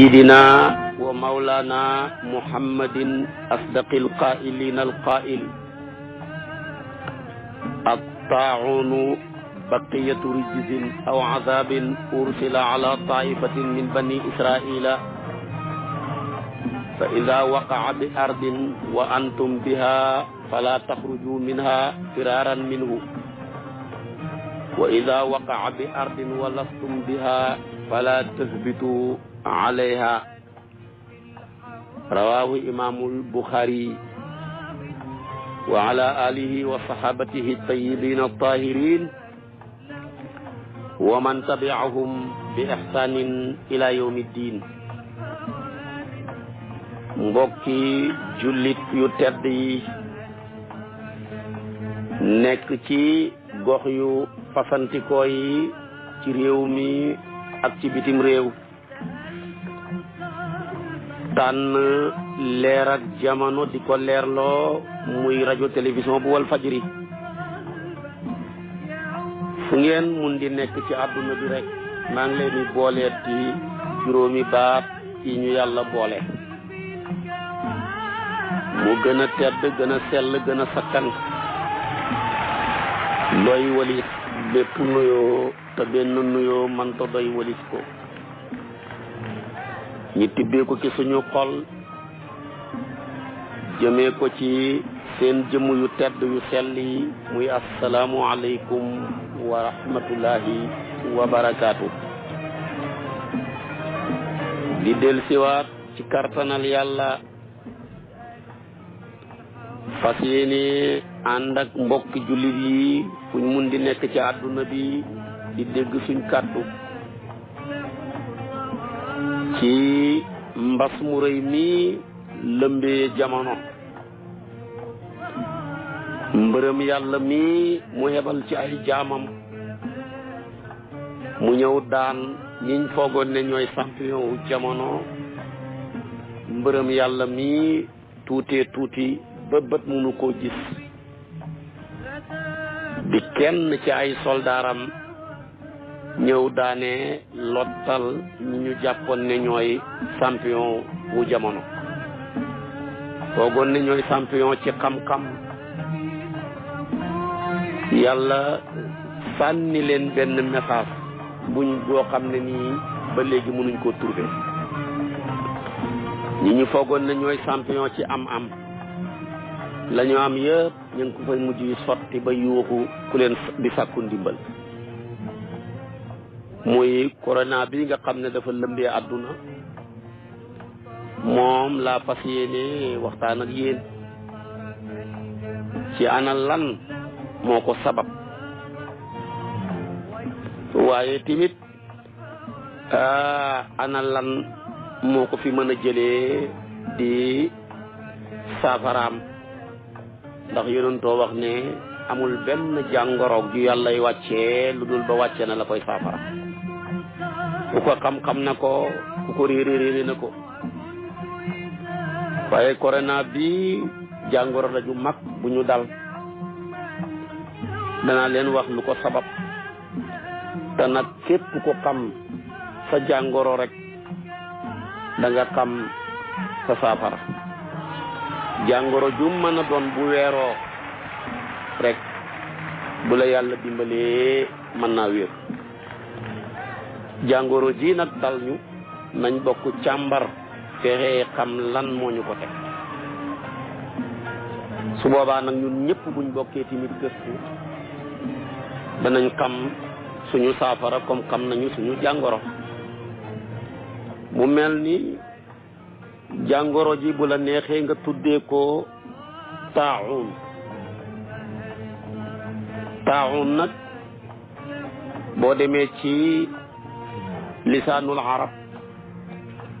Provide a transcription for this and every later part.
سيدنا ومولانا محمد أصدق القائلين القائل الطاعون بقية رجز أو عذاب أرسل على طائفة من بني إسرائيل فإذا وقع بأرض وأنتم بها فلا تخرجوا منها فرارا منه وإذا وقع بأرض ولستم بها فلا تثبتوا alayha rawahu imaamul buxaari wa ala alihi wa sahabatihi tayyibin tahirin wa man tabi'ahum bi ihsanin ila yawmi ddin mbokki jullit yu tedd yi nekk ci gox yu fasantikoo yi ci réew mi ak ci bitim réew tànn leeral ak jamono di ko leerloo muy rajo télévision bu wal fajri fu ngeen mun di nekk ci àdduna bi rek maa ngi leen di booleet ci juróomi baat yi ñu yàlla boole mu gën a tedd gën a sell gën a sakkan doy walis bépp nuyoo te benn nuyoo manta doy walis ko ñi tibbee ko ci suñu xol jëmee ko ci seen jëm yu tedd yu sell yi muy asalaamu aleykum wa rahmatullahi wa barakaatu di del siwaat ci kartanal yàlla fas yéene ànd ak mbokki jullit yi fuñ mun di nekk ci àdduna bi di dégg suñ kàddu ci mbas mu rëy mii lëmbee jamono mbërëm yàlla mii mu hebal ci ay jaamam mu ñëw daan ñiñ foogoon ne ñooy champion wu jamono mbërëm yàlla mii tuutee tuuti ba bët munu koo gis di kenn ci ay soldaaram ñëw daane lottal ñi ñu jàppoon ne ñooy champion wu jamono foogoon ne ñooy champion ci xam-xam yàlla sànni leen benn message buñ boo xam ne nii ba léegi mënuñ koo trouver ñi ñu foogoon ne ñooy champion ci am-am la am yëpp ñu ngi ko fay mujj sotti ba yuuxu ku leen di sàkku ndimbal muy corona bi nga xam ne dafa lëmbee àdduna moom laa fas yéene waxtaan ak yéen ci ana lan moo ko sabab waaye tamit ah, ana lan moo ko fi mën a jëlee di saafaraam ndax yonentoo wax ne amul benn jàngoro gi yàllay wàccee lu dul ba wàcce na la koy saafara ku ko xam-xam na ko ku ko réere réere na ko waaye corona bi jàngoro la ju mag bu ñu dal danaa leen wax lu ko sabab te nag képp ku xam sa jàngoro rek da nga xam sa saafara jàngoro ju mën a doon bu weero rek bu la yàlla dimbalee mën naa wér jàngoro ji nag dal ñu nañ bokk càmbar fexe xam lan moo ñu ko teg su boobaa nag ñun ñëpp buñ bokkee tamit gëstu danañ xam suñu saafara comme xam nañu suñu jàngoro mu mel ni jàngoro ji bu la neexee nga tuddee ko taaxuun taaxuun nag boo demee ci lisaanul arab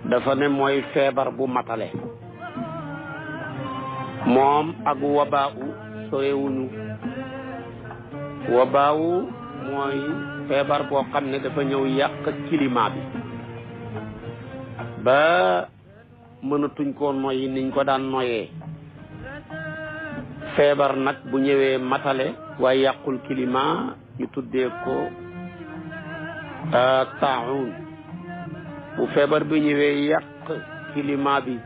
dafa ne mooy feebar bu matale moom ak wabaawu yewuñu wabaawu mooy feebar boo xam ne dafa ñëw yàq climat bi ba mënatuñ koo noyyi niñ ko daan noyee feebar nag bu ñëwee matale waaye yàqul climat ñu tuddee ko taawun bu feebar bi ñëwee yàq climat bi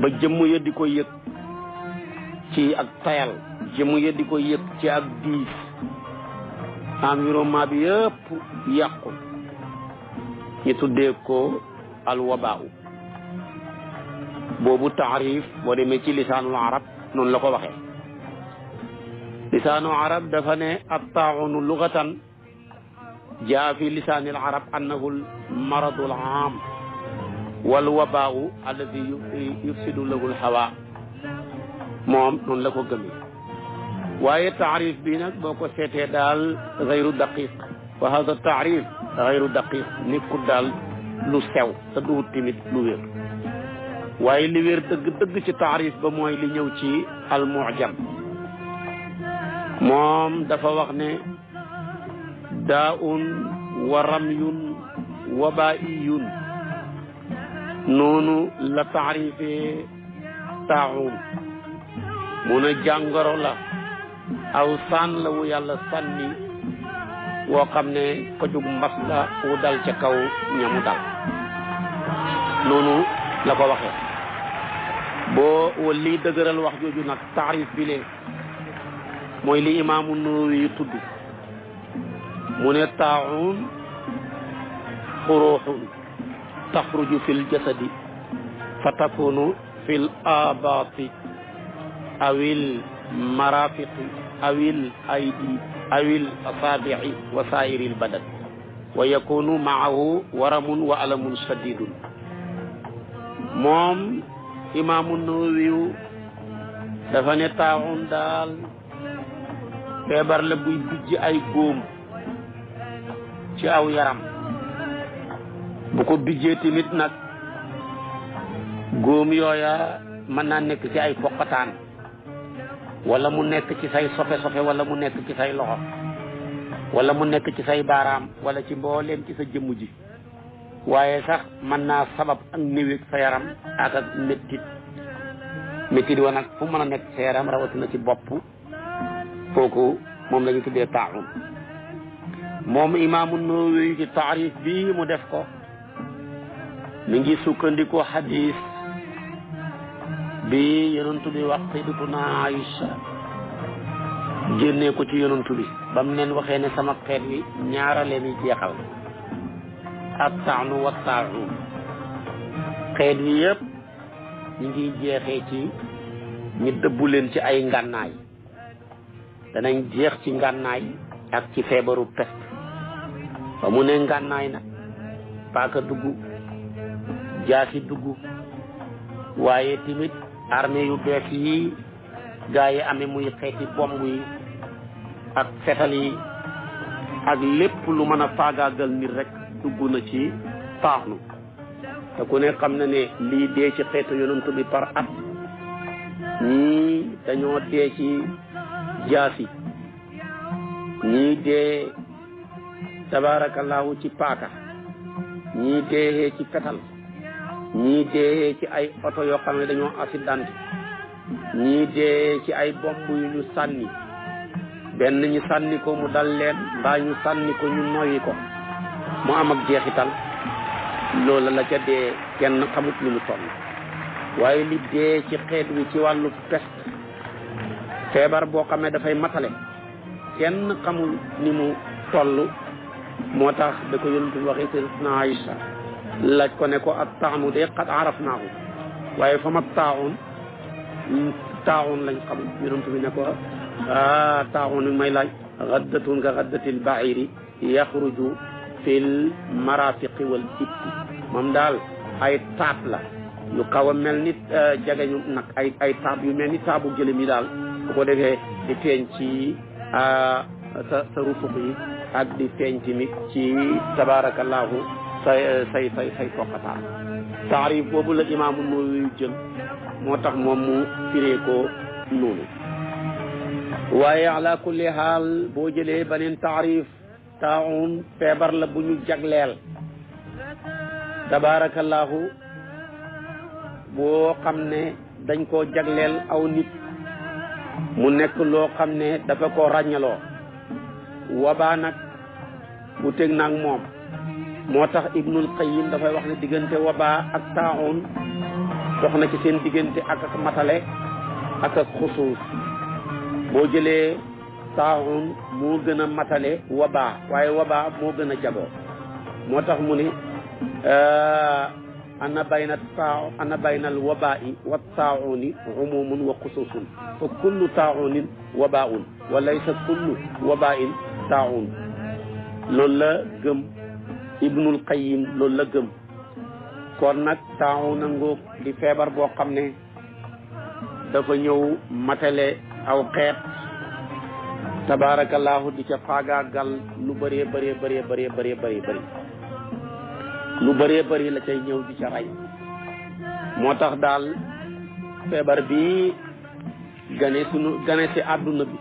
ba jëmm ya di ko yëg ci ak tayal jëmm ya di ko yëg ci ak diis environnement bi yëpp yàqu ñu tuddee ko alwabaaw boobu taarif boo demee ci lisaanul arab noonu la ko waxee lisaanul arab dafa ne attaawunu lugatan jaa fi lisaani al arab annahu al maradu al aam wal wabaawu alladi yufsidu lahu al hawa moom noonu la ko gëmee waaye taarif bi nag boo ko seetee daal xayru daqiq wa hada taarif xayru daqiq nekkul daal lu sew te duwut tamit lu wér waaye li wér dëgg dëgg ci taarif ba mooy li ñëw ci al mu'jam moom dafa wax ne daa'un wa ramyun wa baa'iyun noonu la taarifee taaxun mu ne jàngoro la aw saan la wu yàlla sànni woo xam ne ko jug mbas la wu dal ca kaw ñamu dal la ko waxee boo wal lii dëgëral wax jooju nag taarif bi lee mooy li imaamu Nawawi tudd mu ne taaxuun xuruuxun taxruju fi ljasadi fa takunu fi l abaati awil marafiqi awil aydi awil asaabici wa saairi lbadan wa yakunu maahu waramun wa alamun sadidun moom imaamu nawawiyu dafa ne taaxun daal feebar la buy bijj ay góom ci aw yaram bu ko bijjee tamit nag góom yooya mën naa nekk ci ay poqataan walla mu nekk ci say sofe-sofe wala mu nekk ci say loxo wala mu nekk ci say baaraam wala ci mbooleem ci sa jëmm ji waaye sax mën naa sabab ak néwéeg sa yaram ak ak méttit méttit wa nag fu mën a nekk sa yaram rawatina ci bopp kooku moom la ñu tuddee taaxum moom imaamu Nawawi ci taarif bi mu def ko mu ngi sukkandiku hadis bi yonantu bi wax sayyidatuna Aïcha génnee ko ci yonantu bi ba mu leen waxee ne sama xeet wi ñaarale mi jeexal ak taanu wa taanu xeet yi yëpp ñu ngi jeexee ci ñi dëbbu leen ci ay ngànnaay danañ jeex ci ngànnaay ak ci feebaru peste ba ne ngànnaay na paaka dugg jaasi dugg waaye tamit armée yu bees yi gaa yi muy xeeti bomb yi ak fetal yi ak lépp lu mën a faagaagal nit rek dugg na ci taaxnu te ku ne xam na ne lii dee ci xeetu yonent bi par at ñii dañoo dee ci jaasi ñii dee tabaarakallaahu ci paaka ñii deexee ci fetal ñii deexee ci ay oto yoo xam ne dañoo accident ñii deexee ci ay bomb yu ñu sànni benn ñu sànni ko mu dal leen mbaa ñu sànni ko ñu noyyi ko mu am ak jeexital loolu la ca dee kenn xamut lu mu toll waaye li dee ci xeet wi ci wàllu peste feebar boo xam ne dafay matale kenn xamul ni mu toll moo tax da ko yonent bi waxee sayyidatuna Aïcha laaj ko ne ko ak taanu de qad arafnaahu waaye fa ma taaxoon taaxoon lañ xam yonent bi ne ko ah taaxoon may laaj xaddatun ka xaddatil bairi yaxruju wal ibti moom daal ay taab la yu xaw a mel ni euh, jagañu nag ay ay taab yu mel ni taabu gëlëm yi daal ko defee di feeñ ci euh, sa sa ak di feeñ tamit ci tabaarakallaahu say euh, say say say taarif boobu la imaamu Nawawi jël moo tax moom mu firee ko noonu waaye ala kulli haal boo jëlee beneen taarif taawun feebar la bu ñu jagleel tabaarakallaahu boo xam ne dañ koo jagleel aw nit mu nekk loo xam ne dafa ko ràññaloo wabaa nag bu teg nag moom moo tax ibnul qayyim dafay wax ne diggante wabaa ak taaxun dox na ci seen diggante ak ak matale ak ak xusuus boo jëlee taaxun moo gën a matale wabaa waaye wabaa moo gën a jagoo moo tax mu ne ana bayna taa ana baynal wabai wa taauni umumun wa xusuusun fa kullu taaxunin wabaun wa laysa kullu wabain taawun loolu la gëm ibnul qayyim loolu la gëm kon nag taawun a ngoog di feebar boo xam ne dafa ñëw matele aw xeet tabaarakallaahu di ca faagaagal lu bëree bëree bëree bëree bëree bëree lu bëree bëri la cay ñëw di ca rey moo tax daal feebar bi gane sunu gane si àdduna bi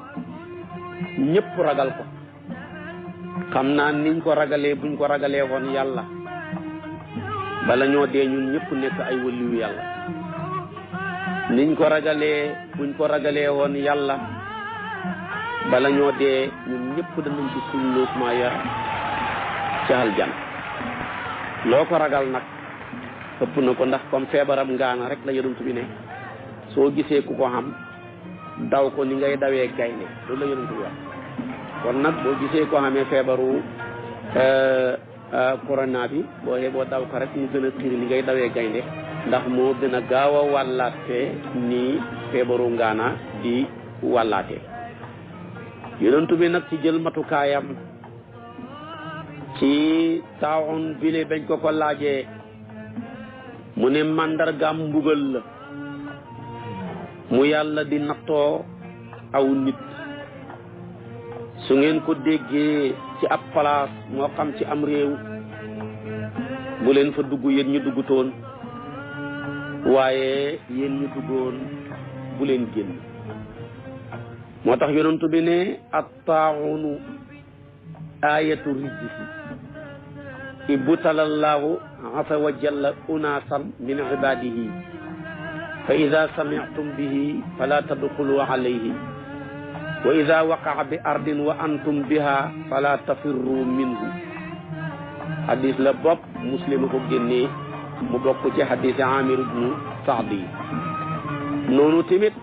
ñëpp ragal ko xam naa niñ ko ragalee buñ ko ragalee woon yàlla bala ñoo dee ñun ñëpp nekk ay wëliyu yàlla niñ ko ragalee buñ ko ragalee woon yàlla bala ñoo dee ñun ñëpp danañ ci suñ loosement ya ca aljana loo ko ragal nag ëpp na ko ndax comme feebaram ngaana rek la yonent bi ne soo gisee ku ko xam daw ko ni ngay dawee gaynde loolu la kon nag boo gisee ko xamee feebaru euh, euh, corona bi boo yeboo daw ko rek mu gën a xiir li ngay dawee gaynde ndax moo gën a gaaw a wàllaate ni feebaru ngaana di wallaate yonentu bi nag ci jël matukaayam ci taawun bile bañ ko ko laajee mu ne màndargaam mbugal la mu yàlla di nattoo aw nit su ngeen ko déggee ci ab palaas moo xam ci am réew bu leen fa dugg yéen ñu duggutoon waaye yéen ñu duggoon bu leen génn moo tax yonentu bi ne at taaxunu ayatu rijsi ibtalallaahu asa wa jalla unaasan min ibaadihi fa ida samictum bihi fala tadxulu alayhi wa ida waqaa bi ardin wa antum biha fala tafirru minhu hadis la bopp muslim ko génnee mu bokk ci hadis amir ibnu saad yi noonu tamit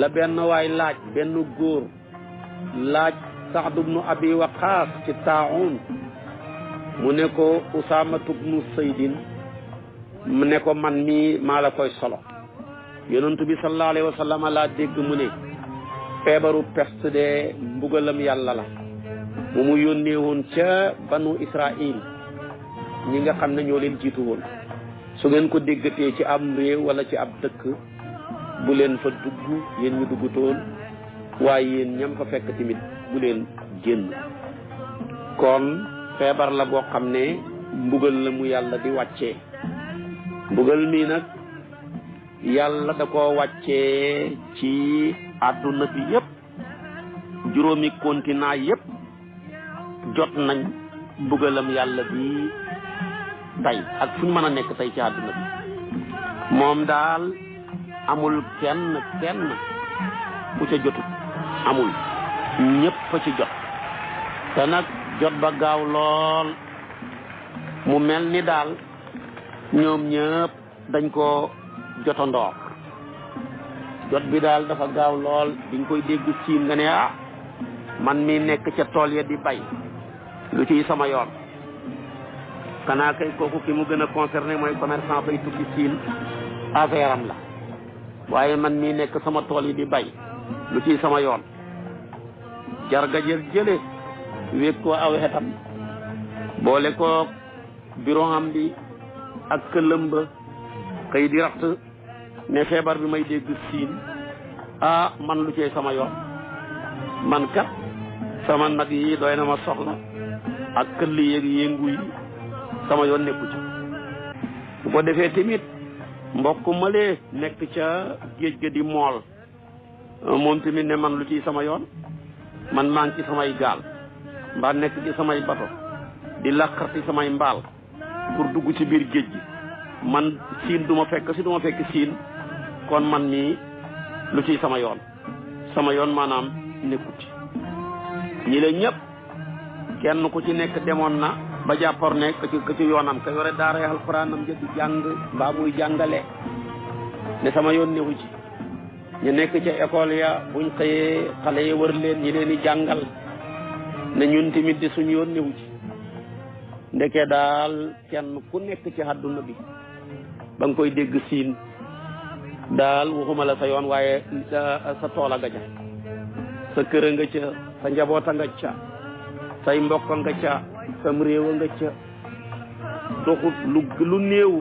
la benn waay laaj benn góor laaj saad ibnu abi waqaas ci taaxuun mu ne ko usaamatu ibnu saydin mu ne ko man mii maa la koy solo yonentu bi sallallahu alayhi wa sallam laa dégg mu ne feebaru peste de mbugalam yàlla la mu mu yónnee woon ca banu Israil ñi nga xam ne ñoo leen jiitu woon su ngeen ko déggatee ci am réew wala ci ab tëkk bu leen fa dugg yéen ñu duggutoon waaye yéen ñam fa fekk tamit bu leen génn kon feebar la boo xam ne mbugal la mu yàlla di wàccee mbugal mii nag yàlla da koo wàccee ci àdduna bi yëpp juróomi continent yëpp jot nañ mbugalam yàlla bi tey ak fu ñu mën a nekk tey ci àdduna bi moom daal amul kenn kenn ku ca jotu amul ñëpp ci jot te nag jot ba gaaw lool mu mel ni daal ñoom ñëpp dañ ko jotandoo jot bi daal dafa gaaw lool diñ koy dégg ciim nga ne ah man mi nekk ca tool ya di bay lu ciy sama yoon kanaa kay kooku ki mu gën a conserné mooy commerçant bay tukki siin affaire la waaye man mii nekk sama tool yi di bay lu ciy sama yoon jarga jël jële wéeg koo aw xetam boole koo bureau bi ak këlëm ba xëy ne feebar bi may dégg siin ah man lu cee sama yoon man kat sama nag yi dooy na ma soxla ak këll yéeg yéngu yi sama yoon nekku ca bu ko defee tamit mbokk malee nekk ca géej ga di mool moom tamit ne man lu ciy sama yoon man maa ngi ci samay gaal mbaa nekk ci samay bato di làqarti samay mbaal pour dugg ci biir géej gi man siin du ma fekk si du fekk siin kon man mii lu ci sama yoon sama yoon maanaam nekkut ci ñi la ñëpp kenn ku ci nekk demoon na ba jàppoon ne ka ci ka ci yoonam ka yore daaray alxuraanam jëkk jàng mbaa muy jàngale ne sama yoon newu ci ñu nekk ca école ya buñ xëyee xale ya wër leen ñi leen di jàngal ne ñun tamit di suñu yoon newu ci ndeke daal kenn ku nekk ci àdduna bi ba nga koy dégg siin daal waxuma la sa yoon waaye sa tool a nga sa kër a nga ca sa njaboot a nga ca say mbokk a nga ca sam réew a nga lu néew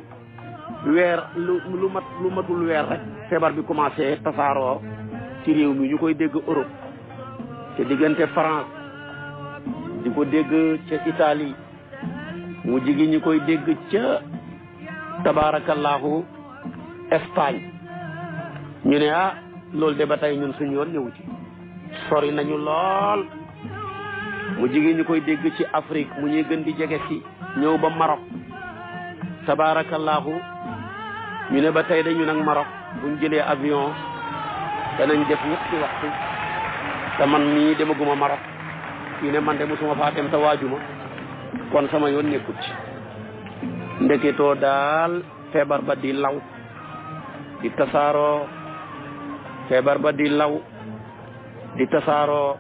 weer lu lu mat lu matul weer rek feebar bi commencé tasaaroo ci réew mi ñu koy dégg Europe te diggante France di ko dégg ca Italie mu jigi ñu koy dégg ca tabaarakallaahu Espagne ñu ne ah loolu de ba tey ñun suñ yoon ñëwu ci sori nañu lool mu jigéen ñu koy dégg ci Afrique mu ñuy gën di jege si ñëw ba Maroc tabaarakallaahu ñu ne ba tey ñu nag Maroc buñ jëlee avion danañ def ñetti waxtu te man mii demaguma Maroc kii ne man de mosuma faa dem te waajuma kon sama yoon nekkut ci ndeketoo daal feebar ba di law di tasaaroo feebar ba di law di tasaaroo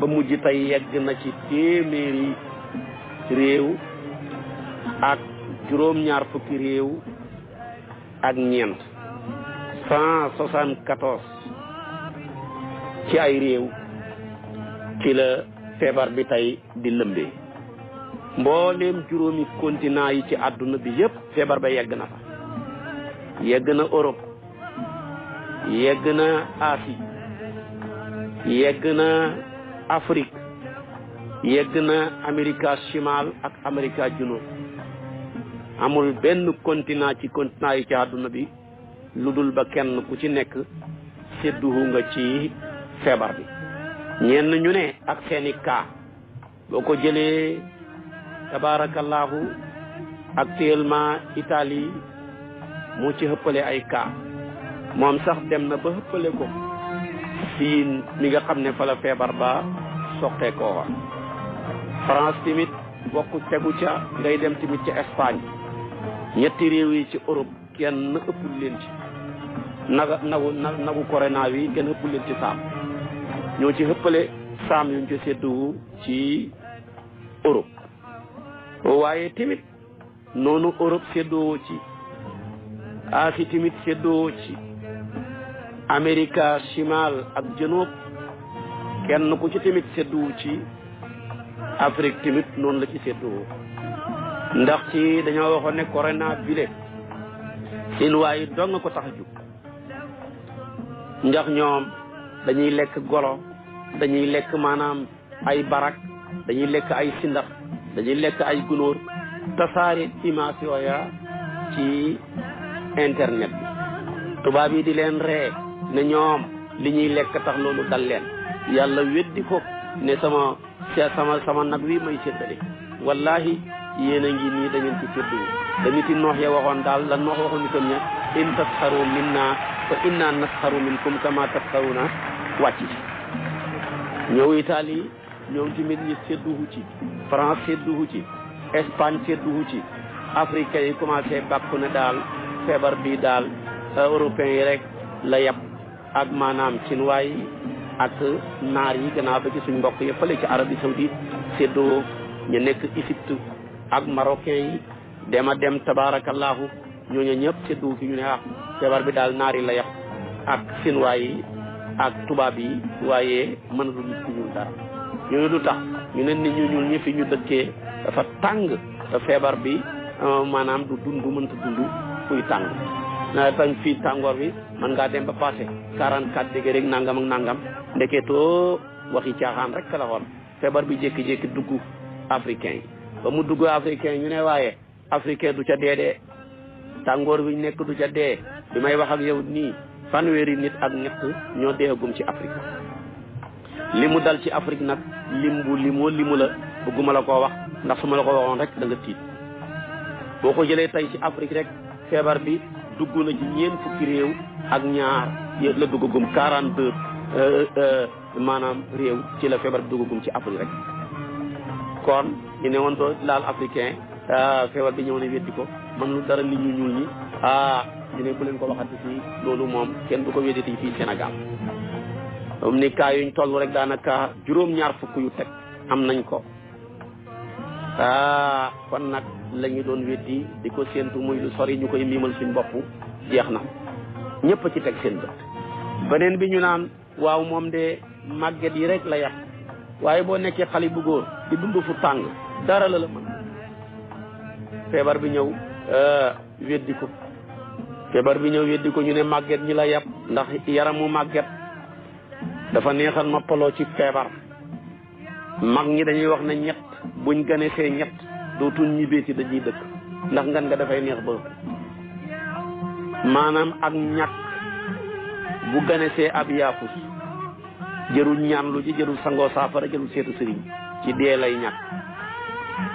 ba mujj tey yegg na ci téeméeri réew ak juróom-ñaar fukki réew ak ñeent cent soixante ci ay réew ci la feebar bi tey di lëmbee mbooleem juróomi continent yi ci àdduna bi yépp feebar ba yegg na fa yegg na Europe yegg na Asie yegg na Afrique yegg na Amérique chimal ak Amérique junub amul benn continent ci continent ci àdduna bi lu dul ba kenn ku ci nekk sédduhu nga ci feebar bi ñenn ñu ne ak seeni kaa boo ko jëlee tabaarakallaahu actuellement itali moo ci ëppale ay kaa moom sax dem na ba xëppale ko siin mi nga xam ne fa la feebar ba soqe koo wa France tamit bokk tegu ca ngay dem timit ca Espagne ñetti réew yi ci Europe kenn ëppul leen ci naga nagu nagu corona wi kenn ëppul leen ci saam ñoo ci xëppale saam yuñ ci seddu ci Europe waaye tamit noonu Europe seddoo ci aaxi tamit seddoo ci Amérique chimal ak jënoob kenn ku ci tamit sédduwu ci Afrique tamit noonu la ci sédduwoo ndax ci dañoo waxoon ne corona bile siin waaye dong ko tax a ndax ñoom dañuy lekk golo dañuy lekk maanaam ay barak dañuy lekk ay sindax dañuy lekk ay gunóor tasaare image yooya ci internet tubaab yi di leen ree ne ñoom li ñuy lekk tax loolu dal leen yàlla weddi ko ne sama sama sama nag wi may séddale wallahi yéen a ngi nii da ngeen ci séddu da nit yi noox ya waxoon daal la noox waxoon nitam ña in tasxaru minna fa inna nasxaru minkum kama tasxaruna wàcc ci ñëw Italie ñoom tamit ñi sédduhu ci France sédduhu ci Espagne sédduhu ci africain yi commencé bàkku ne daal feebar bii daal européen yi rek la yàpp ak maanaam chinois yi ak naar yi gannaaw ba ci suñ mbokk yi fële ci Arabie Saoudite séddoo ñu nekk Égypte ak marocain yi dem a dem tabarakallahu ñooñu ñëpp séddoo fi ñu ne ah feebar bi daal naar yi la yàq ak chinois yi ak tubaab yi waaye mënalu nit ku ñuul dara ñu ne nit ñu ñuul ñi fi ñu dëkkee dafa tàng feebar bi euh, maanaam du dund mënta dund fuy tàng naa bañ fii tàngoor bi mën ngaa dem ba passé quarante quatre degré rek nangam ak nangam ndeketoo waxi caaxaan rek la woon feebar bi jékki-jékki dugg africain yi ba mu dugg africain ñu ne waaye africain du ca dee dee tàngoor bi nekk du ca dee bi may wax ak yow nii fanweeri nit ak ñett ñoo deegum ci Afrique li mu dal ci Afrique nag lim bu limoo limu la bëgguma la koo wax ndax su ma la ko waxoon rek da nga tiit boo ko jëlee tey ci Afrique rek feebar bi dugg na ci ñeent fukki réew ak ñaar la duggagum 42 euh, euh, maanaam réew ci la feebar bi duggagum ci Afrique rek kon ñu ne woon to laal africain euh, feebar bi ñëw ne weddi ko man lu dara nit ñu ñuul ñi ah ñu ne bu leen ko waxati fii loolu moom kenn du ko wedditi fii Sénégal moom ni kaa yuñ toll rek daanaka juróom-ñaar fukk yu teg am nañ ko ah kon nag lañu doon weddi di ko séentu muy lu sori ñu koy miimal suñ bopp jeex na ñëpp ci teg seen bët beneen bi ñu naan waaw moom de màgget yi rek la yàq waaye boo nekkee xale bu góor di dund fu tàng dara la la feebar bi ñëw ah, weddi ko feebar bi ñëw weddi ko ñu ne màgget ñi la yàpp ndax yaramu màgget dafa neexal noppaloo ci feebar mag ñi dañuy wax ne ñett buñ gane ñett dootuñ ñibbee ci dañuy dëkk ndax ngan nga dafay neex ba maanaam ak ñàkk bu gane ab yaafus jërul ñaan lu ci jërul sangoo saafara jërul seetu sëriñ ci dee lay ñàkk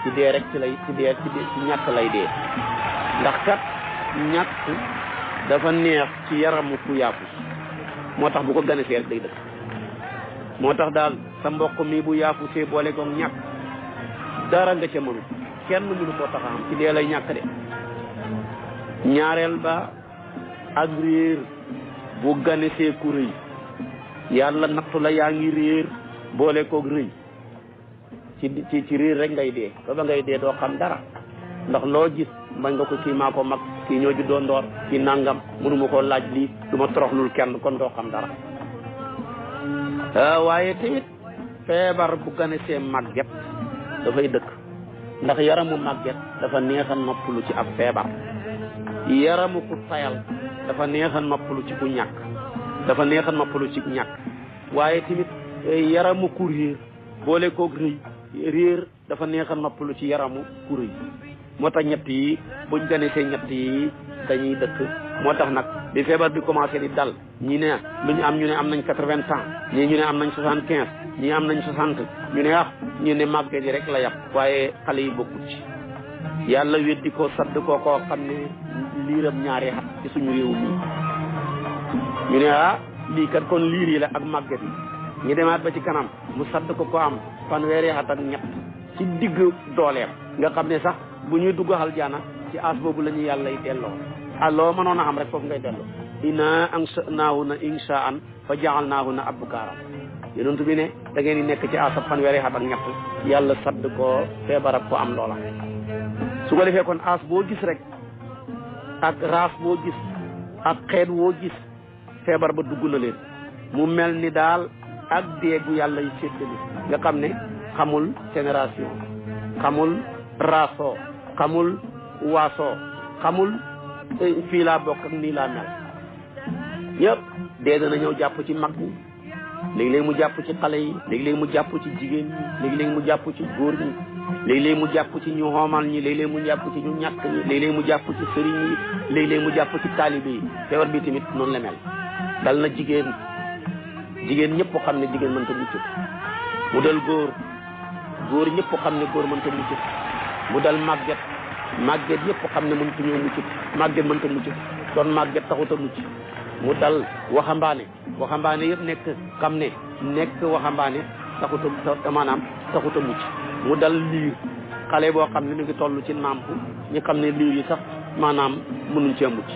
ci dee rek ci lay ci dee ci ñàkk lay dee ndax kat ñàkk dafa neex ci yaramu ku yaafus moo tax bu ko gane see day dëkk moo tax daal sa mbokk mii bu yaafusee boole koog ñàkk dara nga ca mënu kenn mënu koo tax a am ci dee lay de ñaareel ba ak réer bu ganesee ku rëy yàlla nattu la yaa ngi réer boole koog rëy ci ci ci réer rek ngay dee ba ba ngay dee doo xam dara ndax loo gis mbañ nga ko kii maa ko mag kii ñoo juddoo ndoor kii nangam mënuma koo laaj lii du ma toroxlul kenn kon doo xam dara ah, waaye tamit feebar bu ganesee màgget dafay dëkk ndax yaramu màgget dafa neex a noppalu ci ab feebar yaramu ku tayal dafa neex a noppalu ci ku ñàkk dafa neex a noppalu ci ñàkk waaye tamit eh, yaramu ku réer boole koog rëy réer dafa neex a ci yaramu ku rëy moo tax ñett yi buñ ganetee ñett yi dañuy dëkk moo tax nag bi feebar bi commencé di dal ñi ne lu ñu am ñu ne am nañ quatre-vingts ans ñii ñu ne am nañ soixante-quinze am nañ soixante ñu ne ah ñu ne màgget yi rek la yàpp waaye xale yi bokkut ci yàlla weddi ko sadd ko koo xam ne liiram ñaari at ci suñu réew mi ñu ne ah lii kat kon liir yi la ak màgget yi ñu demaat ba ci kanam mu sadd ko ko am fanweeri at ak ñett ci digg dooleem nga xam ne sax bu ñuy dugg xal jaana ci aas boobu la ñu yàlla yi delloo ah loo mënoon a am rek foofu ngay dellu inna ansha'naahunna inshaa'an fa ja'alnaahunna abkaaran yonent bi ne da ngeen di nekk ci asab fanweeri at ak ñett yàlla sadd ko feebar ko am loola su ko defee kon as boo gis rek ak raas boo gis ak xeet woo gis ba dugg na leen mu mel ni daal ak déegu yàlla yi séddali nga xam ne xamul génération xamul raasoo xamul waasoo xamul fii laa bokk ak nii laa mel yëpp dee dana ñëw jàpp ci mag ñi léegi-léeg mu jàpp ci xale yi léegi-léeg mu jàpp ci jigéen ñi léegi-léeg mu jàpp ci góor ñi léegi-léeg mu jàpp ci ñu xoomal ñi léegi-léeg mu jàpp ci ñu ñàkk ñi léegi-léeg mu jàpp ci sëriñ yi léegi-léeg mu jàpp ci taalibe yi feebar bi tamit noonu la dal na jigéen jigéen ñëpp xam ne jigéen mënta mucc mu dal góor góor ñëpp xam ne góor mënta mucc mu dal màgget màgget yëpp xam ne mënut ñëw mucc màgget mënut a mucc kon màgget taxut a mu dal waxambaane waxambaane yëpp nekk xam ne nekk waxambaane taxut a maanaam taxut a mu dal liir xale boo xam ne ñu ngi toll ci nàmp ñu xam ne liir yi sax maanaam mënuñ cee mucc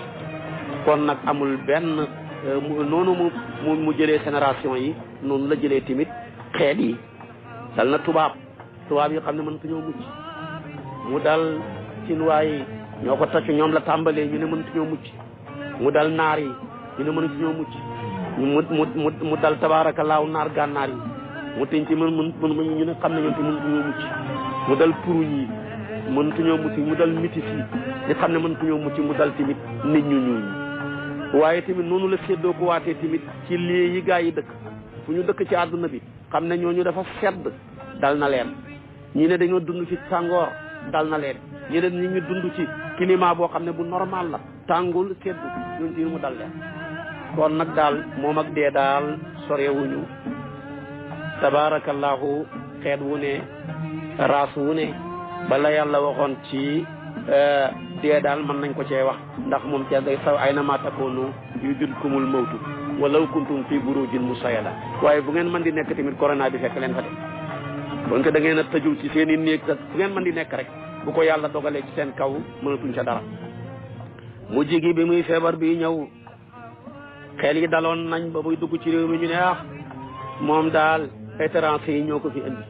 kon nag amul benn euh, noonu mu mu mu jëlee génération yi noonu la jëlee tamit xeet yi dal na tubaab tubaab yi xam ne mënut ñëw mucc mu dal sinwaa yi ñoo ko taccu ñoom la tàmbalee ñu ne mënut ñoo mucc mu dal naar yi ñu ne mënut ñoo mucc mu mu mu dal tabaaraka laaw naar gànnaar yi mu tëñ ci mën mën mën ñu xam ne ñoom ci mënut ñoo mucc mu dal puruñ yi mënut ñoo mucc mu dal mitis yi ñu xam ne mënut ñoo mucc mu dal tamit nit ñu ñuul waaye tamit noonu la séddoo ko waatee ci lii yi gaa yi dëkk fu ñu dëkk ci àdduna bi xam ne ñu dafa sedd dal na leen ñu ne dañoo dund ci tàngoor. dal na leen ñeneen ñi ngi dund ci climat boo xam ne bu normal la tàngul seddu ñun tiir mu dal leen kon nag daal moom ak dee daal sorewuñu tabarakallahu xeet wu ne ras wu ne bala yàlla waxoon ci eh, dee daal man nañ ko cee wax ndax moom ca day saw ay na ma takoonu yudrikkumul mawtu walaw kuntum fi burujin mushayyada waaye bu ngeen mën di nekk tamit corona bi fekk leen fa de kon da ngeen a tëju ci seen i néeg sax fu ngeen man di nekk rek bu ko yàlla dogalee ci seen kaw mënatuñ ca dara mu jigi bi muy feebar bi ñëw xel yi daloon nañ ba muy dugg ci réew mi ñu ne ah moom daal étranger yi ñoo ko fi indi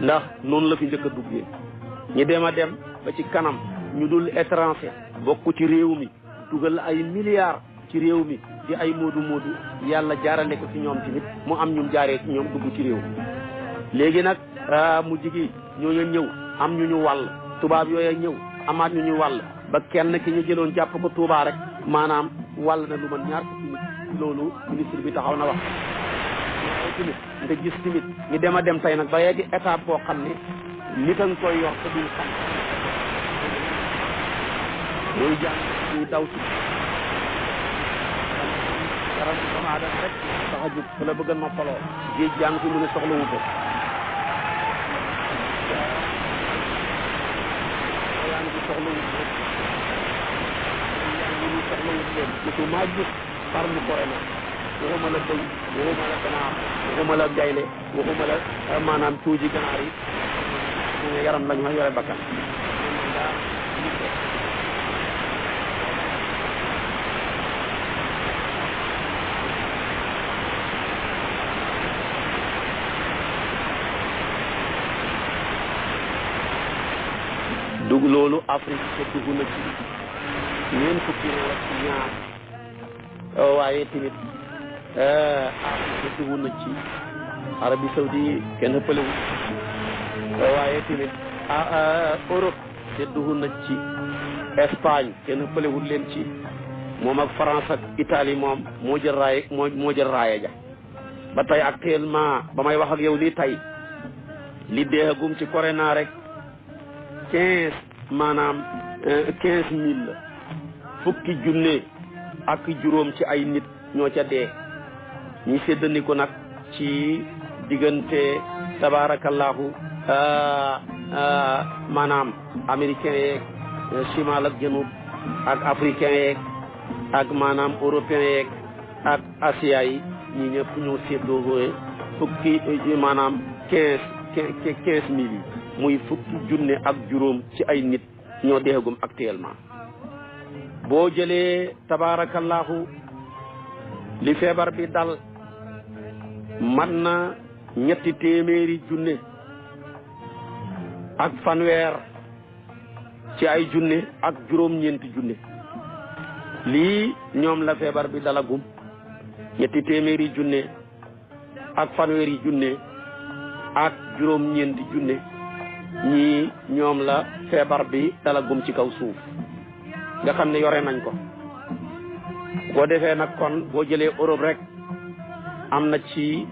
ndax noonu la fi njëkk a duggee ñu dem a dem ba ci kanam ñu dul étranger bokk ci réew mi dugal ay milliards ci réew mi di ay moodu moodu yàlla jaarale ko ci ñoom tamit mu am ñum jaaree ci ñoom dugg ci réew léegi nag euh, mu jigi ñooñu ñëw am ñu ñu wàll tubaab yooyu ñëw amaat ñu ñu wàll ba kenn ki ñu jëloon jàpp ko Touba rek maanaam wàll na lu man ñaar fukki nit loolu ministre bi taxaw na wax tamit nga gis tamit ñu dem a dem tey nag ba yegg étape boo xam ne nit a jàng ñuy daw si yaram doomu aadama rek tax a jóg ku la bëgg a noppaloo géej jàng fi mu ne soxlawu ko leen mosuma gis xar mu koy na waxuma la bëy waxuma la ganaar waxuma la gaynde waxuma la eh, maanaam tuuji ganaar yi mu yaram lañu ma yore bakkan dugg loolu Afrique te dugg na ci ñeent fukki réew ak ñaar euh, waaye tamit euh, Afrique te dugg na ci Arabie Saoudi kenn euh, waaye tamit ah, Europe te dugg na ci Espagne kenn pëlewul leen ci moom ak France ak Italie moom moo jël raay ja ba tey actuellement ba may wax ak yow nii tey li deexagum ci corona rek quinze maanaam euh, quinze mille fukki junne ak juróom ci ay nit ñoo ca dee ñi séddani ko nag ci diggante tabaarakallaahu euh, euh, maanaam américain yeeg chimal ak janub ak africain yeeg ak maanaam européen yeeg ak asia yi ñi ñëpp ñoo séddoo fukki maanaam quinze quinze mille yi muy fukki junne ak juróom ci ay nit ñoo deegum actuellement boo jëlee tabaarakallaahu li feebar bi dal man na ñetti téeméeri junné ak fanweer ci ay junne ak juróom-ñeenti junne lii ñoom la feebar bi dalagum ñetti téeméeri junne ak fanweeri junné ak juróom-ñeenti junne ñii ñoom la feebar bi dalagum ci kaw suuf nga xam ne yore nañ ko boo defee nag kon boo jëlee Europe rek am na ci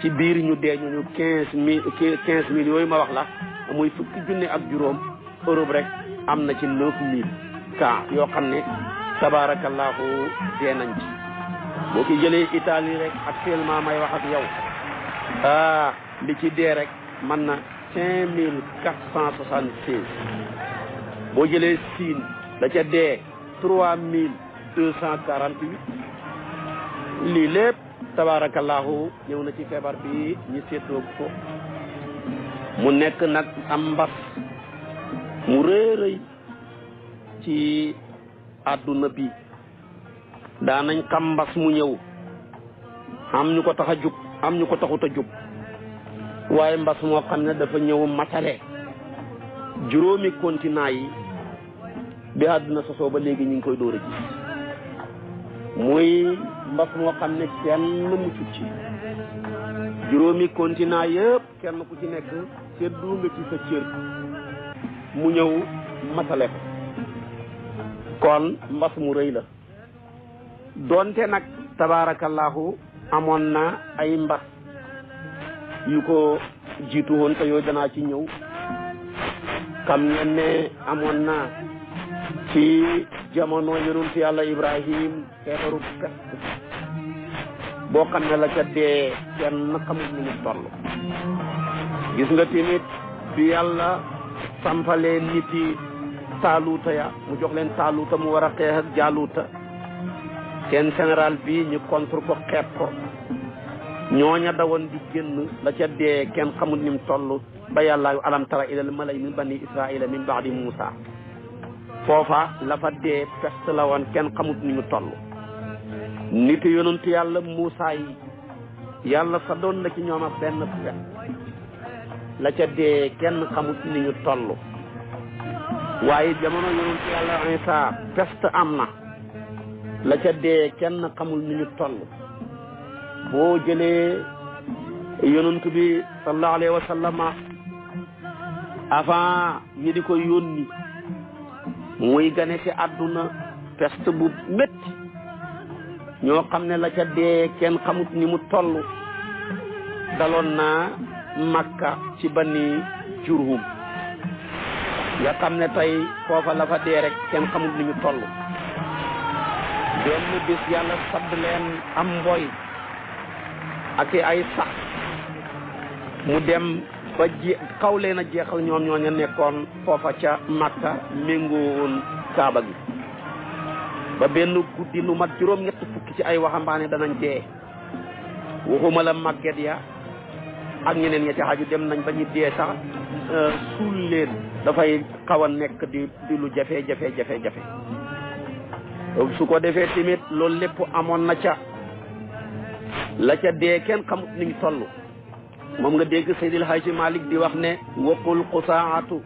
ci biir ñu dee ñu ñu quinze mille quinze mille yooyu ma wax la muy fukki junne ak juróom Europe rek am na ci neuf mille cas yoo xam ne tabaarakallaahu dee nañ ci boo ko jëlee Italie rek actuellement may wax ak yow ah ci dee rek man na cinq mille quatre cent soixante boo jëlee siin da ca dee trois mille deux cent quarante lii lépp tabaarakallaahu ñëw na ci feebar bi ñu seetloo ko mu nekk nag am mbas mu rëy ci àdduna bi daanañ xam mbas mu ñëw am ñu ko tax a jub am ñu ko taxut a jub waaye mbas moo xam ne dafa ñëw matale juróomi continent yi bi àdduna sosoo ba léegi ñu ngi koy dóor a gis muy mbas moo xam ne kenn muccut ci juróomi continent yëpp kenn ku ci nekk seddu nga ci sa cër mu ñëw matale kon mbas mu rëy la donte nag tabaarakallaahu amoon na ay mbas yu ko jiitu woon te yooyu ci ñëw xam ngeen ne amoon na ci jamono yonent yàlla Ibrahim feebaru pest boo xam ne la ca kenn xamul nu mu toll gis nga tamit bi yàlla sampalee nit yi ya mu jox leen taaluuta mu war a xeex ak jaaluuta seen général bi ñu contre ko xeeb ñooña dawoon di génn la ca dee kenn xamul ni mu toll ba yàlla alam tara ilal malay min bani israila min baadi Muusa foofa la fa dee peste la woon kenn xamut ñu mu toll nit yonent yàlla Muusa yi yàlla sa doon la ci ñoom ak benn la ca dee kenn xamut ni ñu toll waaye jamono yonent yàlla am na la ca dee kenn xamul ni ñu toll boo jëlee yonent bi sallallahu alayhi wa avant ñi di ko yónni muy gane ci àdduna peste bu métti ñoo xam ne la ca dee kenn xamut ni mu toll daloon na Makka ci banni Jurhum nga xam ne tey foofa la fa dee rek kenn xamut ni ñu toll benn bis yàlla sadd leen am mboy ak ay sax mu dem ba je xaw leen a jeexal ñoom ñoo ña nekkoon foofa ca Makka méngoo woon Kaaba gi ba benn guddi nu mag juróom-ñett fukki ci ay waxambaane danañ dee waxuma la màgget ya ak ñeneen ña ca dem nañ ba ñu dee sax euh, suul dafay xaw a nekk di lu jafe jafe jafe jafe su ko defee tamit loolu lépp amoon na ca la ca dee kenn xamut ni mu toll moom nga dégg Seydil Haaji Malik di wax ne waqul qusaatu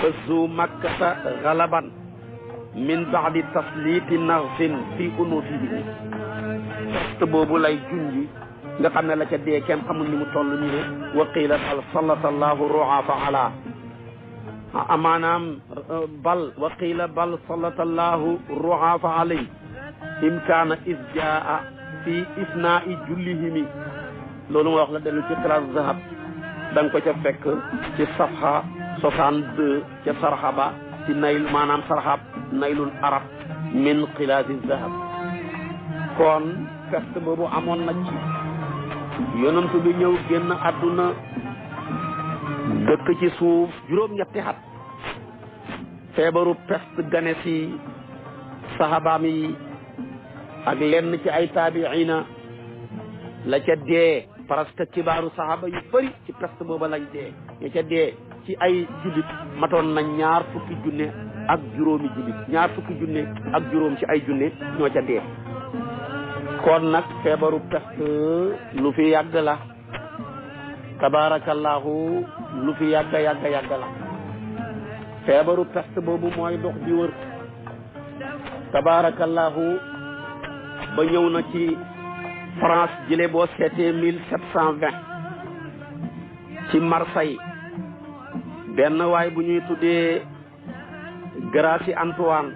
fazu makkata galaban min baadi tasliti narfin fi unufihi te boobu lay junji nga xam la ca dee kenn xamul ni mu toll ñu ne wa qiila al salatallahu ruafa ala amaanaam bal wa qiila fii isnaa i jullihimi loolu ma wax la dellu ci classe zahab da ko ca fekk ci safha soixante ca sarhaba ci nayl maanaam sarhab naylul arab min xilaasi zahab kon perte boobu amoon na ci yonent bi ñëw génn àdduna dëkk ci suuf juróom-ñetti at feebaru peste gane si sahabaam yi ak lenn ci ay na la ca dee parce que kibaaru saxaaba yu bëri ci peste booba lañ dee ña ca dee ci ay jullit matoon na ñaar fukki junne ak juróomi jullit ñaar fukki junne ak juróom ci ay junne ñoo ca dee kon nag feebaru peste lu fi yàgg la tabaarakallaahu lu fi yàgg yàgg yàgg la feebaru peste boobu mooy dox di wër tabaarakallaahu ba ñëw na ci France jile boo seetee mille sept cent vingt ci Marseille benn waay bu ñuy tuddee Gracie Antoine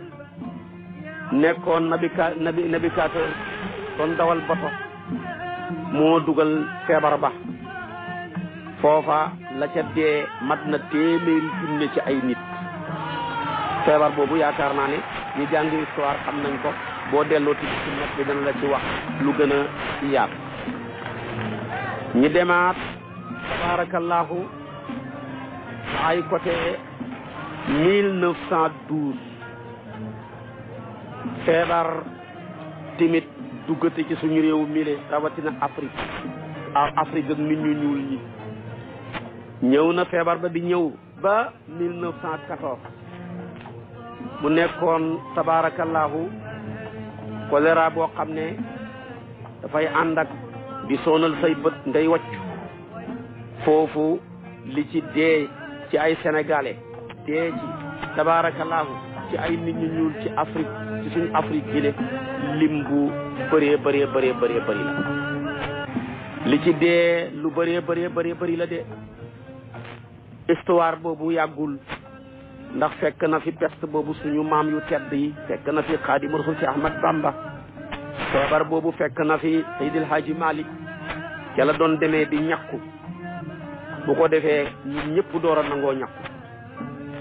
nekkoon nabika nabi navigateur dawal bato moo dugal feebar ba foofa la ca mat na téeméeri junne ci ay nit feebar boobu yaakaar naa ne ñi jàng histoire xam nañ ko boo delloo ci net bi dana la ci wax lu gën a yaat ñi demaat tabaarakallaahu ay côté mille neuf cent feebar timit duggati ci suñu réew mille rawatina Afrique a Afrique ak nit ñu ñuul ñi ñëw na feebar ba bi ñëw ba mille neuf cent mu nekkoon tabaarakallaahu choléra boo xam ne dafay ànd ak di sonal say bët nday wacc foofu li ci dee ci ay sénégalais dee ci tabaarakallaahu ci ay nit ñu ñuul ci Afrique ci suñu Afrique gi lim bu bëree bëree bëree bëree ci dee lu bëree bëree bëree bëri la de histoire boobu yàggul ndax fekk na fi peste boobu suñu maam yu tedd yi fekk na fi xaadimu rasul si Ahmad Bamba feebar bu fekk na fi Seydil Hadji Malick ca la doon demee di ñàkku bu ko defee ñun ñëpp door a nangoo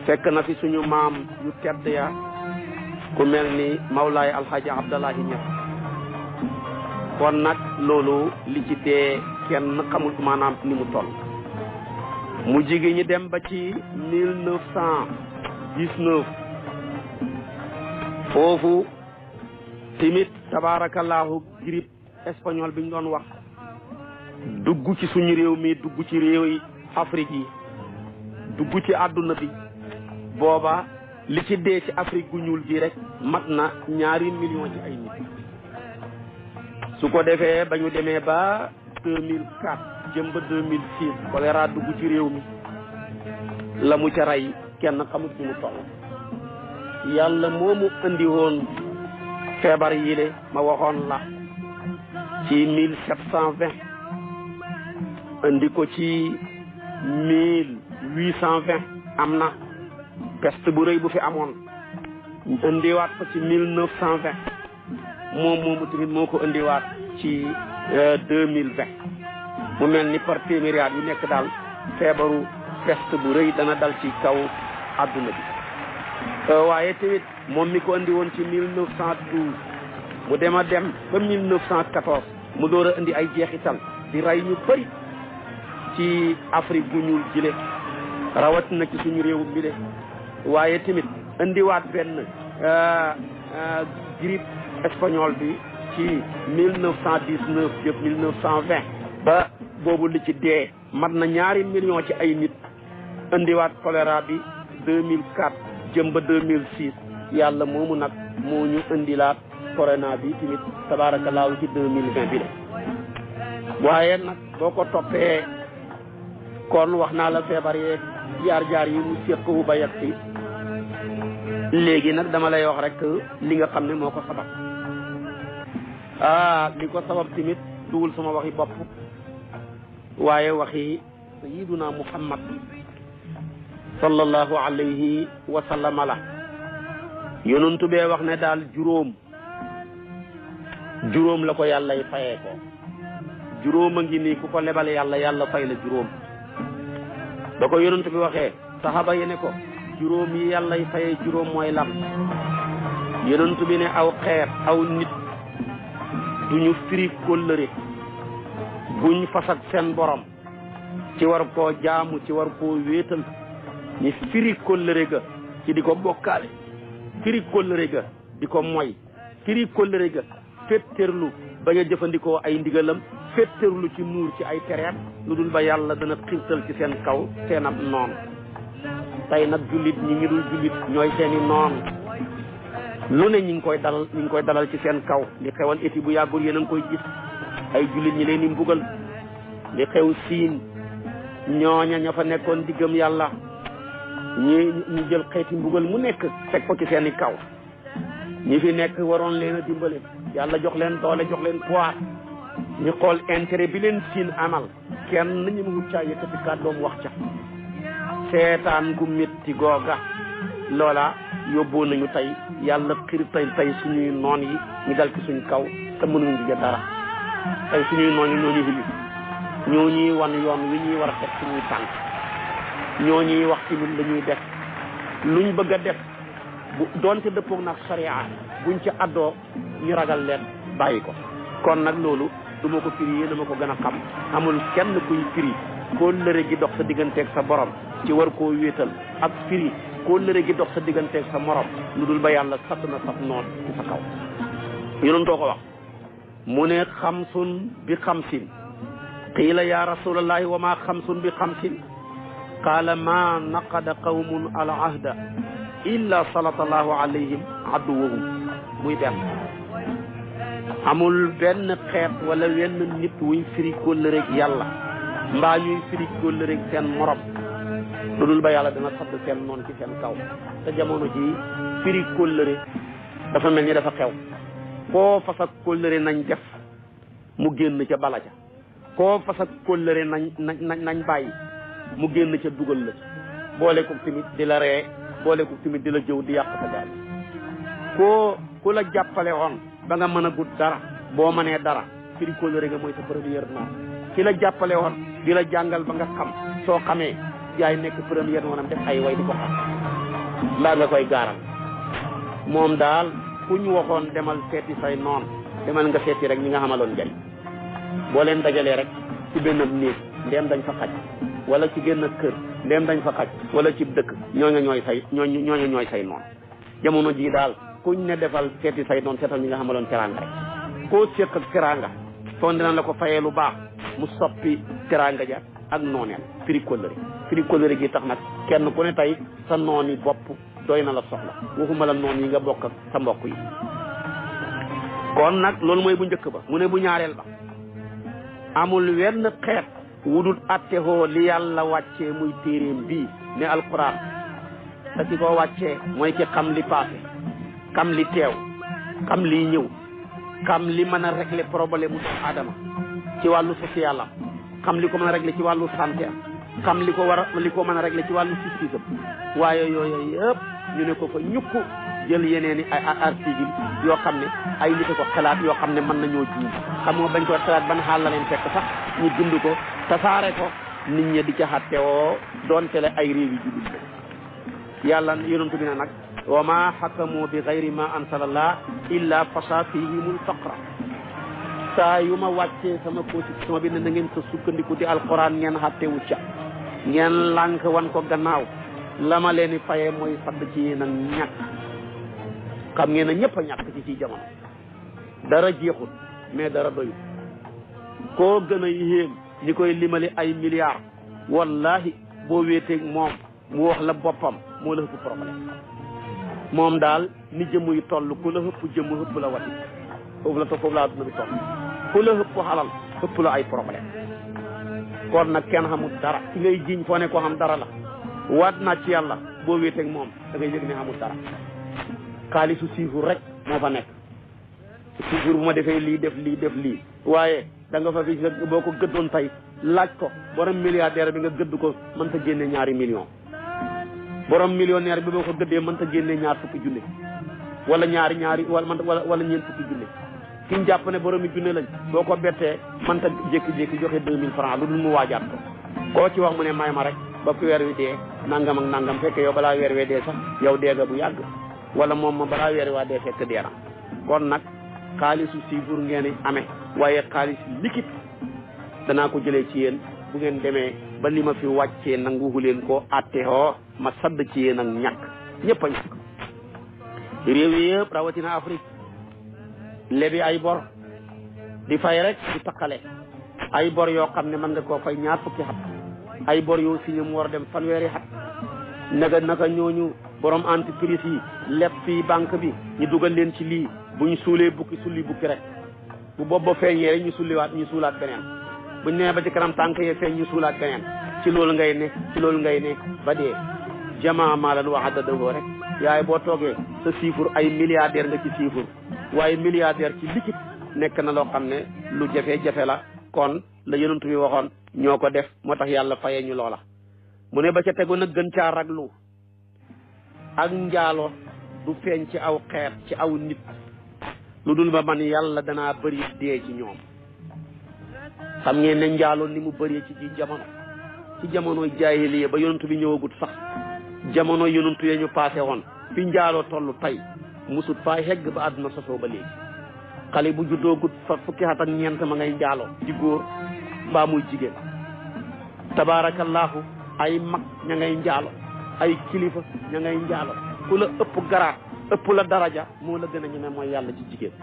fekk na fi suñu maam yu tedd ya ku mel ni Mawlaay Alxaaji Abdallahi nag loolu li ci dee maanaam ni mu toll mu dem ba ci mille neuf cent foofu timit tabaarakallaahu grippe espagnol bi ñu doon wax dugg ci suñu réew mi dugg ci réew yi Afrique yi dugg ci àdduna bi booba li ci dee ci Afrique gu ñuul gi rek mat na ñaari million ci ay nit su ko defee ba ñu demee ba deux mille quatre jëm ba deux mille six choléra dugg ci réew mi la mu ca rey kenn xamut ñu mu yàlla moomu andi woon feebar yii yile ma waxoon la ci mille sept cent vingt ko ci mille cent vingt am na peste bu rëy bu fi amoon indiwaat ko ci mille neuf cent vingt moom moomu tamit moo ko indiwaat ci euh, deux mille vingt mu mel ni par téeméeri at yu nekk daal feebaru peste bu rëy dana dal ci kaw àdduna bi Euh, waaye tamit moom mi ko andi woon ci mille neuf cent douze mu dem a dem ba mille cent quatorze mu door a indi ay jeexital di rey ñu bëri ci Afrique bu ñuul jile rawat na ci suñu réew bi waaye tamit indiwaat benn euh, euh, grippe espagnole bi ci mille neuf cent dix-neuf jëpp mille ba boobu li ci dee mat na ñaari million ci ay nit indiwaat choléra bi deux mille quatre jëm ba 2006 yàlla moomu nag moo ñu indilaat corona bi tamit tabaarakallaahu ci 2020 bi la waaye nag boo ko toppee kon wax naa la feebar yee jaar-jaar yi mu séq wu ba yegg léegi nag dama lay wax rek li nga xam ne moo ko sabab ah li ko sabab tamit duwul sama waxi bopp waaye waxi sayyiduna Muhammad sallallahu alayhi wa sallama la yonantu bee wax ne daal juróom juróom la ko yàlla y fayee ko juróom a ngi nii ku ko lebal yàlla yàlla fay la juróom ba ko yonantu bi waxee saxaaba yi ne ko juróom yi yàlla y fayee juróom mooy lam yonantu bi ne aw xeer aw nit duñu firi kóllëre buñ fas ak seen borom ci war koo jaamu ci war koo wéetal ni firi kóllëre ga ci di ko bokkaale firi kóllëre ga di ko moy firi kóllëre ga féttéerlu bañ a jëfandikoo ay ndigalam féttéerlu ci nuur ci ay tereem lu dul ba yàlla dana xirtal ci seen kaw seen ab noon tey nag jullit ñi ngi dul jullit ñooy seeni noon lu ne ñi ngi koy dalal ñi ngi koy dalal ci seen kaw li xewoon éti bu yàggul yéen a ngi koy gis ay jullit ñi leen di mbugal li xew siin ñooña ña fa nekkoon diggam yàlla ñii ñu jël xeeti mbugal mu nekk teg ko ci seen i kaw ñi fi nekk waroon leen a dimbale yàlla jox leen doole jox leen poids ñu xool intérêt bi leen siin amal kenn ñu mu caa yëkkati kàddoom wax ca seetaan gu métti googa loola yóbboo nañu tey yàlla xirtal tey suñuy noon yi ñu dal ci suñ kaw te mënuñu jige dara tey suñuy noon yi ñu hili ñuy wan yoon wi ñuy war a teg suñuy tànk ñoo ñuy wax ci ñun la ñuy def luñ bëgg a def bu doonte dëppoog nag sariya buñ ci addoo ñu ragal leen bàyyi ko kon nag loolu duma ko firi yéen a ma ko gën a xam amul kenn kuy firi koo lëre gi dox sa digganteeg sa borom ci war koo wéetal ak firi koo lëre gi dox sa digganteeg sa morom lu dul ba yàlla satt na saf noon ci sa kaw yonum too ko wax mu ne xamsun bi xamsin qiila yaa rasulallahi wa maa xamsun bi xamsin qaala ma naqada qawmun al ahda illa salatallahu alayhim aduwahum muy benn amul benn xeet wala wenn nit wuy firi kóllëreeg yàlla mbaa ñuy firi kóllëreeg seen morom lu dul ba yàlla dana sadd seen noon ci seen kaw te jamono ji firi kóllëre dafa mel ni dafa xew koo fas kóllëre nañ def mu génn ca bala ja koo fas ak kóllëre nañ nañ nañ bàyyi mu génn ca dugal la boole ko tamit di la ree boole ko tamit di la jëw di yàq sa gaal koo ku la jàppale woon ba nga mën a gudd dara boo mënee dara firi kóllëre rek mooy sa première noon ki la jàppale woon di la jàngal ba nga xam soo xamee yaay nekk première noonam def ay way di ko xam laa nga koy gaaral moom daal ku ñu waxoon demal seeti say noon demal nga seeti rek ñi nga xamaloon njëriñ boo leen dajalee rek ci benn néeg ndéem dañ fa xaj wala ci génn kër ndéem dañ fa xaj wala ci dëkk ñooñu ñooy say ñooñu ñooñu ñooy say noonu jamono jii daal kuñ ne defal seeti say noonu seetal ñi nga xamaloon teraanga rek koo séq ak teraanga soon dina la ko fayee lu baax mu soppi teraanga ja ak nooneel firi kóllëre firi kóllëre gi tax nag kenn ku ne tey sa nooni bopp doy na la soxla waxuma a noon yi nga bokk ak sa mbokk yi kon nag loolu mooy bu njëkk ba mu ne bu ñaareel ba amul wenn xeet wudul attehoo li yàlla wàccee muy téeréem bii ne alkuraan te ko wàccee mooy ki xam li passé xam li teew xam li ñëw xam li mën a régler problème mu doomu aadama ci wàllu social am xam li ko mën a régler ci wàllu santé kam li ko war a li ko mën a régler ci wàllu justice am waaye yooyu yëpp ñu ne ko fa ñukk jël yeneen i ay article yoo xam ne ay nit ko xalaat yoo xam ne mën nañoo jiw xam nga bañ koo xalaat ban xaal la leen fekk sax ñu dund ko tasaare ko nit ñi di ca xattewoo doonte le ay réew yi jullit yàlla yonent bi ne nag wa ma xakamu bi gayri ma ansalallah illa fasa fihimul faqra saa yu ma wàccee sama constitution bi ne na ngeen ko sukkandiku di alquran ngeen xattewu ca ngeen lànk wan ko gannaaw la ma leen di fayee mooy fadd ci yéen ak ñàkk xam ngeen ne ñëpp a ñàkk ci ci jamono dara jeexul mais dara doyul koo gën a yéem ñi koy limali ay milliards wallahi boo wéeteeg moom mu wax la boppam moo la ëpp problème moom daal ni jëmm yi toll ku la ëpp jëmm ëpp la wati foofu la to foofu la ay problème kon nag kenn xamul dara ci ngay jiñ foo ne koo xam dara la waat naa ci yàlla boo wéeteeg moom da ngay yëg ne xamul dara xaalisu siifur rek moo fa nekk siifur bu ma defee lii def lii def lii waaye danga nga fa fi boo ko gëddoon tey laaj ko borom milliardaire bi nga gëdd ko mën ta génne ñaari million borom millionnaire bi boo ko gëddee mën ta génne ñaar fukki junne wala ñaari ñaari wala man wala wala ñeent fukki junne ki ñu jàpp ne boromi junne lañ boo ko bettee mën ta jékki-jékki joxe deux mille francs lu dul mu waajaat ko koo ci wax mu ne may ma rek ba weer wi dee nangam nangam fekk yow balaa weer wee dee sax yow dee bu yàgg wala moom ma balaa weer waa dee fekk dee kon nag xaalisu siibur ngeen amee waaye xaalis liquide danaa ko jëlee ci yéen bu ngeen demee ba li ma fi wàccee nanguwu leen koo àtte hoo ma sadd ci yéen ak ñàkk ñëpp a ñàkk réew yëpp rawatina Afrique lebi ay bor di fay rek di takkale ay bor yoo xam ne man nga koo fay ñaar fukki xat ay bor yoo si ñu war dem fanweeri xat naga naka ñooñu borom entreprise yi leb fii banque bi ñu dugal leen ci lii bu ñu suulee bukki sulli bukki rek bu bopp ba feeñee rek ñu sulliwaat ñu suulaat beneen bu ñu nee ba ci kanam tànk yee feeñ ñu suulaat beneen ci loolu ngay ne ci loolu ngay ne ba dee jamaa maalan waxada dëngoo rek yaay boo toogee sa chiffre ay milliardaire nga ci chiffre waaye milliardaire ci liquide nekk na loo xam ne lu jafe-jafe la kon la yonent tu waxoon ñoo ko def moo tax yàlla fayee ñu loola mu ne ba ca tegu nag gën caa raglu ak njaalo du feeñ ci aw xeer ci aw nit lu dul ma man yàlla danaa bëri dee ci ñoom xam ngeen ne njaalo ni mu bëree ci ji jamono ci jamono jaahiliya ba yonantu bi ñëwagut sax jamono yonantu ya ñu paase woon fi njaalo toll tey musut faa hegg ba àdduna sosoo ba léegi xale bu juddoogut fa fukki at ñeent ma ngay njaalo di góor mbaa muy jigéen tabaarakallaahu ay mag ña ngay njaalo ay kilifa ña njaalo ku la ëpp garaat ëpp la daraja moo la gën a ñeme mooy yàlla ci jigéen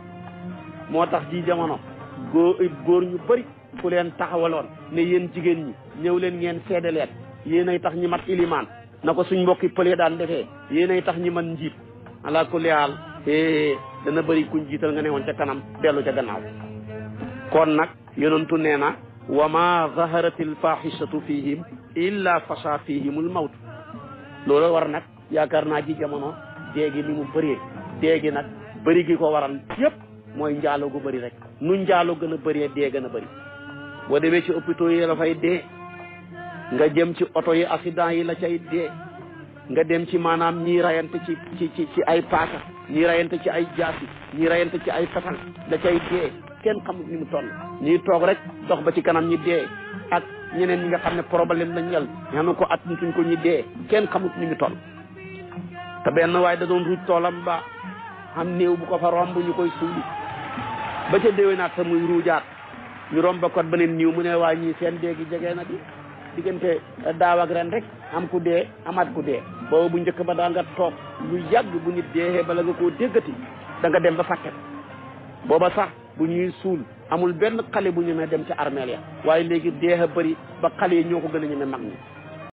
moo tax ci jamono góor góor ñu bëri ku leen taxawaloon ne yéen jigéen ñi ñëw leen ngeen seede leen yéen ay tax ñi mat ilimaan na ko suñ mbokki pëlee daan defee yéen ay tax ñi man njiit ala ku leyaal eh, dana bëri kuñ jiital nga ne woon ca kanam dellu ca gannaaw kon nag yonentu nee na wa ma zaharati alfaxishatu fihim illa fasha fihim almawt loolu war nag yaakaar naa ci jamono déegi ni mu bëree déegi nag bëri gi ko waral yépp mooy njaaloo gu bëri rek nu njaalo gën a bëree dee a bëri moo demee ci hôpitaux yi la fay dee nga jëm ci oto yi accident yi la cay dee nga dem ci maanaam ñii rayante ci ci ci ci ay paaka ñii rayante ci ay jaasi ñii rayante ci ay fetal la cay dee kenn xam ni mu toll ñii toog rek dox ba ci kanam ñi dee ak ñeneen ñi nga xam ne problème lañ yal ñaanu ko at suñ ko ñi dee kenn xamut mu ñu toll te benn waaye da doon ruuj toolam ba am néew bu ko fa romb ñu koy suuli ba ca déwénaat sa muy ruujaat ñu romb kot beneen ñiw mu ne waa ñii seen dee gi na diggante eh, daaw ren rek am ku dee amaat ku dee bu njëkk ba daa nga toog lu yàgg bu nit deexee bala nga koo déggati da nga dem ba fàtte booba sax bu ñuy suul amul benn xale bu ñemee dem ca armeel ya waaye léegi deex a bëri ba xale yi ñoo ko gën a ñeme mag ñi